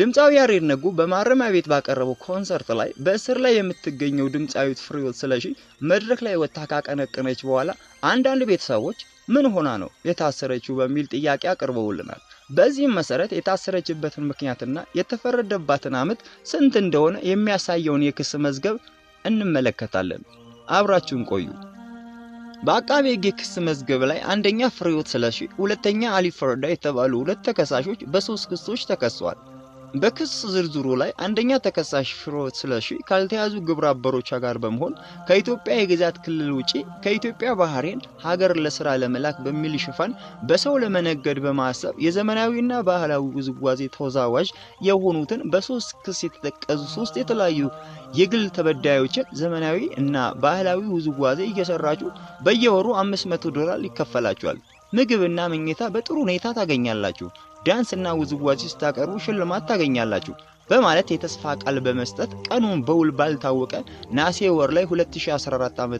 ድምፃዊ ያሬድ ነጉ በማረሚያ ቤት ባቀረበው ኮንሰርት ላይ በእስር ላይ የምትገኘው ድምፃዊት ፍሬሕይወት ስለሺ መድረክ ላይ ወጥታ ካቀነቀነች በኋላ አንዳንድ ቤተሰቦች ምን ሆና ነው የታሰረችው በሚል ጥያቄ አቅርበውልናል። በዚህም መሰረት የታሰረችበትን ምክንያትና የተፈረደባትን ዓመት ስንት እንደሆነ የሚያሳየውን የክስ መዝገብ እንመለከታለን። አብራችሁን ቆዩ። በአቃቤ ሕግ የክስ መዝገብ ላይ አንደኛ ፍሬሕይወት ስለሺ፣ ሁለተኛ አሊ ፈረዳ የተባሉ ሁለት ተከሳሾች በሶስት ክሶች ተከሰዋል። በክስ ዝርዝሩ ላይ አንደኛ ተከሳሽ ፍርሃት ስለሺ ካልተያዙ ግብረ አበሮቿ ጋር በመሆን ከኢትዮጵያ የግዛት ክልል ውጪ ከኢትዮጵያ ባህሬን ሀገር ለስራ ለመላክ በሚል ሽፋን በሰው ለመነገድ በማሰብ የዘመናዊና ባህላዊ ውዝዋዜ ተወዛዋዥ የሆኑትን በሶስት ክስ የተጠቀሱ ሶስት የተለያዩ የግል ተበዳዮችን ዘመናዊ እና ባህላዊ ውዝዋዜ እየሰራችሁ በየወሩ መቶ ዶላር ይከፈላችኋል። ምግብና መኝታ በጥሩ ሁኔታ ታገኛላችሁ። ዳንስና ውዝዋዜ ስታቀርቡ ሽልማት ታገኛላችሁ በማለት የተስፋ ቃል በመስጠት ቀኑን በውል ባልታወቀ ነሐሴ ወር ላይ 2014 ዓ.ም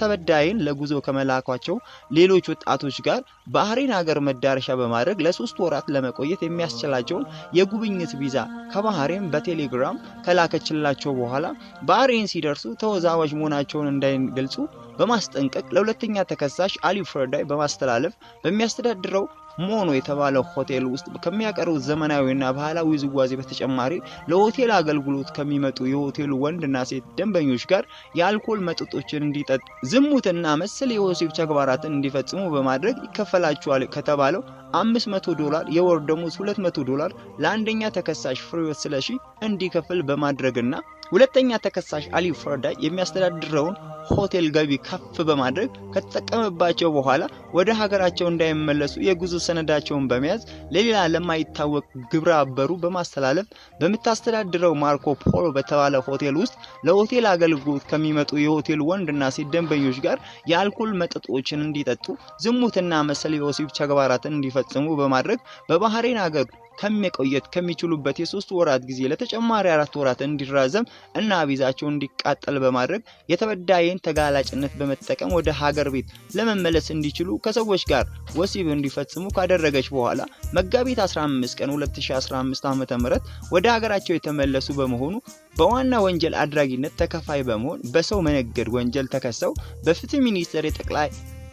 ተበዳይን ለጉዞ ከመላኳቸው ሌሎች ወጣቶች ጋር ባህሬን ሀገር መዳረሻ በማድረግ ለሶስት ወራት ለመቆየት የሚያስችላቸውን የጉብኝት ቪዛ ከባህሬን በቴሌግራም ከላከችላቸው በኋላ ባህሬን ሲደርሱ ተወዛዋዥ መሆናቸውን እንዳይገልጹ በማስጠንቀቅ ለሁለተኛ ተከሳሽ አሊ ፈርዳይ በማስተላለፍ በሚያስተዳድረው ሞኖ የተባለው ሆቴል ውስጥ ከሚያቀርቡ ዘመናዊና ባህላዊ ውዝዋዜ በተጨማሪ ለሆቴል አገልግሎት ከሚመጡ የሆቴሉ ወንድና ሴት ደንበኞች ጋር የአልኮል መጠጦችን እንዲጠጥ ዝሙትና መሰል የወሲብ ተግባራትን እንዲፈጽሙ በማድረግ ይከፈላቸዋል ከተባለው 500 ዶላር የወር ደሞዝ 200 ዶላር ለአንደኛ ተከሳሽ ፍሬወት ስለሺ እንዲከፍል በማድረግና ሁለተኛ ተከሳሽ አሊ ፈርዳ የሚያስተዳድረውን ሆቴል ገቢ ከፍ በማድረግ ከተጠቀመባቸው በኋላ ወደ ሀገራቸው እንዳይመለሱ የጉዞ ሰነዳቸውን በመያዝ ለሌላ ለማይታወቅ ግብረ አበሩ በማስተላለፍ በምታስተዳድረው ማርኮ ፖሎ በተባለ ሆቴል ውስጥ ለሆቴል አገልግሎት ከሚመጡ የሆቴል ወንድና ሴት ደንበኞች ጋር የአልኮል መጠጦችን እንዲጠጡ፣ ዝሙትና መሰል የወሲብ ተግባራትን እንዲፈጽሙ በማድረግ በባህሬን ሀገር ከሚቆየት ከሚችሉበት የሶስት ወራት ጊዜ ለተጨማሪ አራት ወራት እንዲራዘም እና ቪዛቸው እንዲቃጠል በማድረግ የተበዳይን ተጋላጭነት በመጠቀም ወደ ሀገር ቤት ለመመለስ እንዲችሉ ከሰዎች ጋር ወሲብ እንዲፈጽሙ ካደረገች በኋላ መጋቢት 15 ቀን 2015 ዓ ም ወደ ሀገራቸው የተመለሱ በመሆኑ በዋና ወንጀል አድራጊነት ተከፋይ በመሆን በሰው መነገድ ወንጀል ተከሰው በፍትህ ሚኒስቴር የጠቅላይ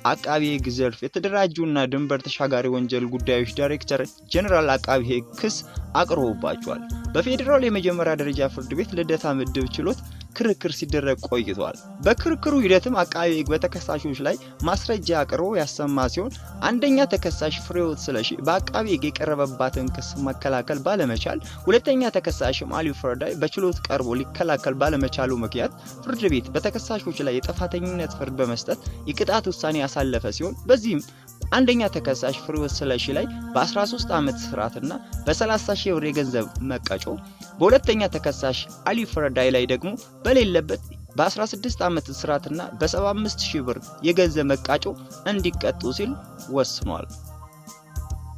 አቃቢ ህግ ዘርፍ የተደራጁና ድንበር ተሻጋሪ ወንጀል ጉዳዮች ዳይሬክተር ጀኔራል አቃቢ ህግ ክስ አቅርቦባቸዋል። በፌዴራል የመጀመሪያ ደረጃ ፍርድ ቤት ልደታ ምድብ ችሎት ክርክር ሲደረግ ቆይቷል። በክርክሩ ሂደትም አቃቢ ሕግ በተከሳሾች ላይ ማስረጃ አቅርቦ ያሰማ ሲሆን አንደኛ ተከሳሽ ፍሬወት ስለሺ በአቃቢ ሕግ የቀረበባትን ክስ መከላከል ባለመቻል፣ ሁለተኛ ተከሳሽም አሊ ፍረዳይ በችሎት ቀርቦ ሊከላከል ባለመቻሉ ምክንያት ፍርድ ቤት በተከሳሾች ላይ የጥፋተኝነት ፍርድ በመስጠት የቅጣት ውሳኔ ያሳለፈ ሲሆን በዚህም አንደኛ ተከሳሽ ፍሬሕይወት ስለሺ ላይ በ13 ዓመት ስርዓትና በ30 ሺህ ብር የገንዘብ መቀጮ፣ በሁለተኛ ተከሳሽ አሊ ፈረዳይ ላይ ደግሞ በሌለበት በ16 ዓመት እስራትና በ75 ሺህ ብር የገንዘብ መቃጮ እንዲቀጡ ሲል ወስኗል።